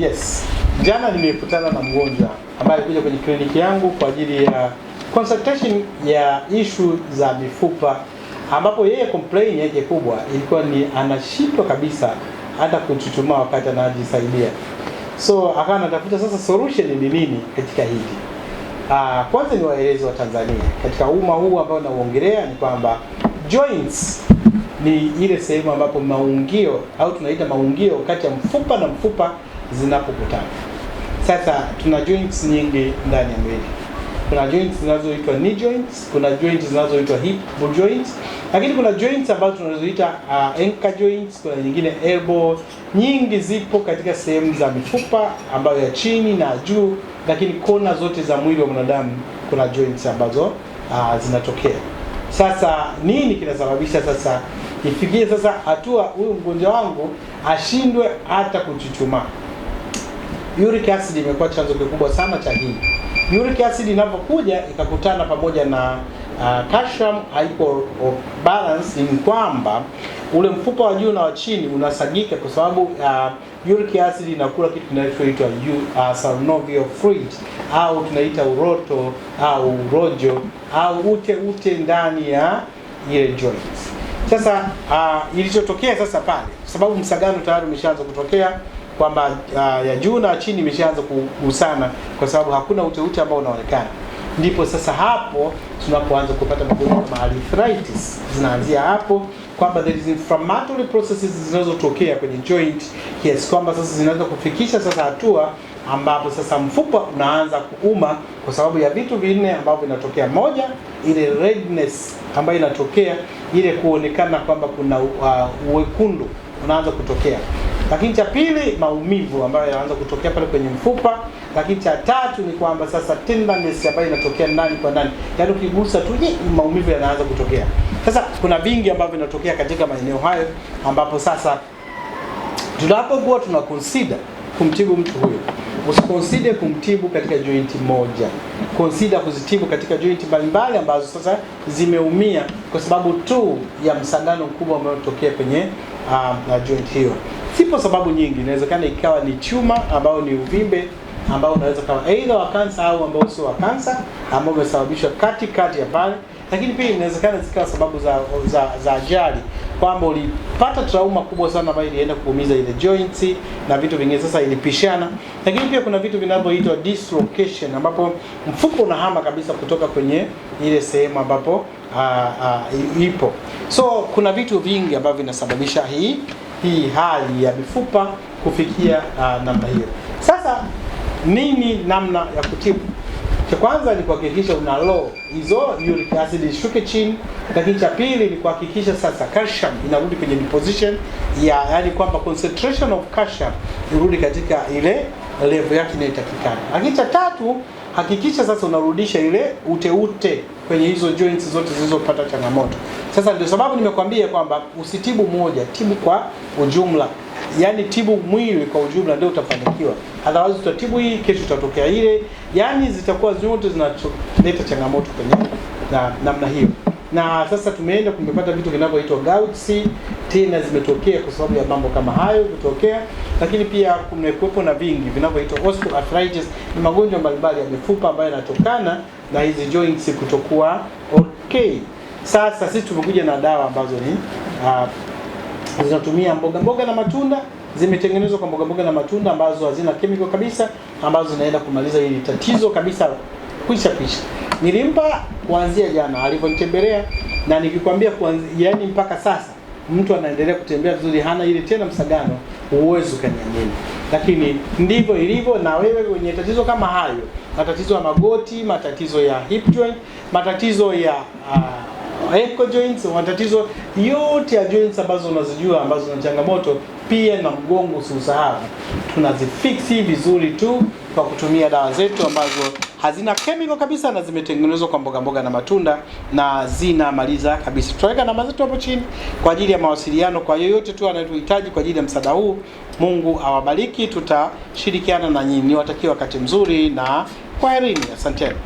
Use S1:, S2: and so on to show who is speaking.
S1: Yes. Jana nimekutana na mgonjwa ambaye alikuja kwenye kliniki yangu kwa ajili ya consultation ya issue za mifupa ambapo yeye complain yake kubwa ilikuwa ni anashindwa kabisa hata kuchuchumaa wakati anajisaidia. So akawa anatafuta sasa solution ni nini katika hili. Ah, kwanza ni waelezi wa Tanzania katika umma huu ambao nauongelea ni kwamba joints ni ile sehemu ambapo maungio au tunaita maungio kati ya mfupa na mfupa zinapokutana. Sasa tuna joints nyingi ndani ya mwili. Kuna joints zinazoitwa knee joints, kuna joints zinazoitwa hip joints, lakini kuna joints ambazo tunazoita uh, ankle joints, kuna nyingine elbow. Nyingi zipo katika sehemu za mifupa ambayo ya chini na juu, lakini kona zote za mwili wa mwanadamu kuna joints ambazo uh, zinatokea. Sasa nini kinasababisha sasa ifikie sasa hatua huyu mgonjwa wangu ashindwe hata kuchuchumaa? Uric acid imekuwa chanzo kikubwa sana cha hii. Uric acid inapokuja ikakutana pamoja na uh, calcium hypo balance, ni kwamba ule mfupa wa juu na wa chini unasagika kwa sababu uh, uric acid inakula kitu kinachoitwa uh, synovial fluid au tunaita uroto au urojo au ute ute ndani ya ile joint. Sasa uh, ilichotokea sasa pale, sababu msagano tayari umeshaanza kutokea kwamba uh, ya juu na chini imeshaanza kugusana, kwa sababu hakuna uteute ambao unaonekana. Ndipo sasa hapo tunapoanza kupata magonjwa kama arthritis, zinaanzia hapo kwamba there is inflammatory processes zinazotokea kwenye joint Yes, kwamba sasa zinaweza kufikisha sasa hatua ambapo sasa mfupa unaanza kuuma kwa sababu ya vitu vinne ambavyo vinatokea. Moja, ile redness ambayo inatokea ile kuonekana kwamba kuna uh, uwekundu unaanza kutokea. Lakini cha pili, maumivu ambayo yanaanza kutokea pale kwenye mfupa. Lakini cha tatu ni kwamba sasa tenderness ambayo inatokea ndani kwa ndani, yaani ukigusa tu maumivu yanaanza kutokea. Sasa kuna vingi ambavyo vinatokea katika maeneo hayo, ambapo sasa tunapokuwa tuna consider kumtibu mtu huyo usikonside kumtibu katika jointi moja, konsida kuzitibu katika jointi mbalimbali ambazo sasa zimeumia kwa sababu tu ya msangano mkubwa ambao kwenye uh, joint hiyo. Zipo sababu nyingi, inawezekana ikawa ni chuma ambao ni uvimbe ambao unaweza kama aidha wa kansa au ambao sio wa kansa ambao umesababishwa kati kati ya pale, lakini pia inawezekana zikawa sababu za za, za ajali kwamba ulipata trauma kubwa sana ambayo ilienda kuumiza ile joints na vitu vingine, sasa ilipishana. Lakini pia kuna vitu vinavyoitwa dislocation, ambapo mfuko unahama kabisa kutoka kwenye ile sehemu ambapo ah, ah, ipo. So kuna vitu vingi ambavyo vinasababisha hii hii hali ya mifupa kufikia uh, namna hiyo. Sasa nini namna ya kutibu? Cha kwanza ni kuhakikisha una low hizo uric acid ishuke chini, lakini cha pili ni kuhakikisha sasa calcium inarudi kwenye position ya yani, kwamba concentration of calcium irudi katika ile level yake inayotakikana. Lakini cha tatu hakikisha sasa unarudisha ile uteute -ute kwenye hizo joints zote zilizopata changamoto. Sasa ndio sababu nimekwambia kwamba usitibu moja, tibu kwa ujumla, yaani tibu mwili kwa ujumla, ndio utafanikiwa. Otherwise utatibu hii, kesho itatokea ile, yaani zitakuwa zote zinaleta changamoto kwenye na namna hiyo. Na sasa tumeenda kumepata vitu vinavyoitwa gouts, tena zimetokea kwa sababu ya mambo kama hayo kutokea, lakini pia kumekuwepo na vingi vinavyoitwa osteoarthritis. Ni magonjwa mbalimbali ya mifupa ambayo yanatokana na hizi joints kutokuwa okay. Sasa sisi tumekuja na dawa ambazo ni uh, zinatumia mboga mboga na matunda, zimetengenezwa kwa mboga mboga na matunda ambazo hazina kemiko kabisa, ambazo zinaenda kumaliza hili tatizo kabisa kwisha kwisha. Nilimpa kuanzia jana alivyonitembelea, na nikikwambia kuanzia, yani mpaka sasa mtu anaendelea kutembea vizuri, hana ile tena msagano, uwezo kanyamini. Lakini ndivyo ilivyo na wewe wenye tatizo kama hayo, matatizo ya magoti, matatizo ya hip joint, matatizo ya uh, ankle joints, matatizo yote ya joints ambazo unazijua ambazo na changamoto, pia na mgongo usisahau, Tunazifiksi vizuri tu kwa kutumia dawa zetu ambazo hazina chemical kabisa na zimetengenezwa kwa mboga mboga na matunda na zinamaliza kabisa. Tutaweka namba zetu hapo chini kwa ajili ya mawasiliano kwa yoyote tu anayetuhitaji kwa ajili ya msaada huu. Mungu awabariki, tutashirikiana na nyinyi. Niwatakia wakati mzuri na kwaherini, asanteni.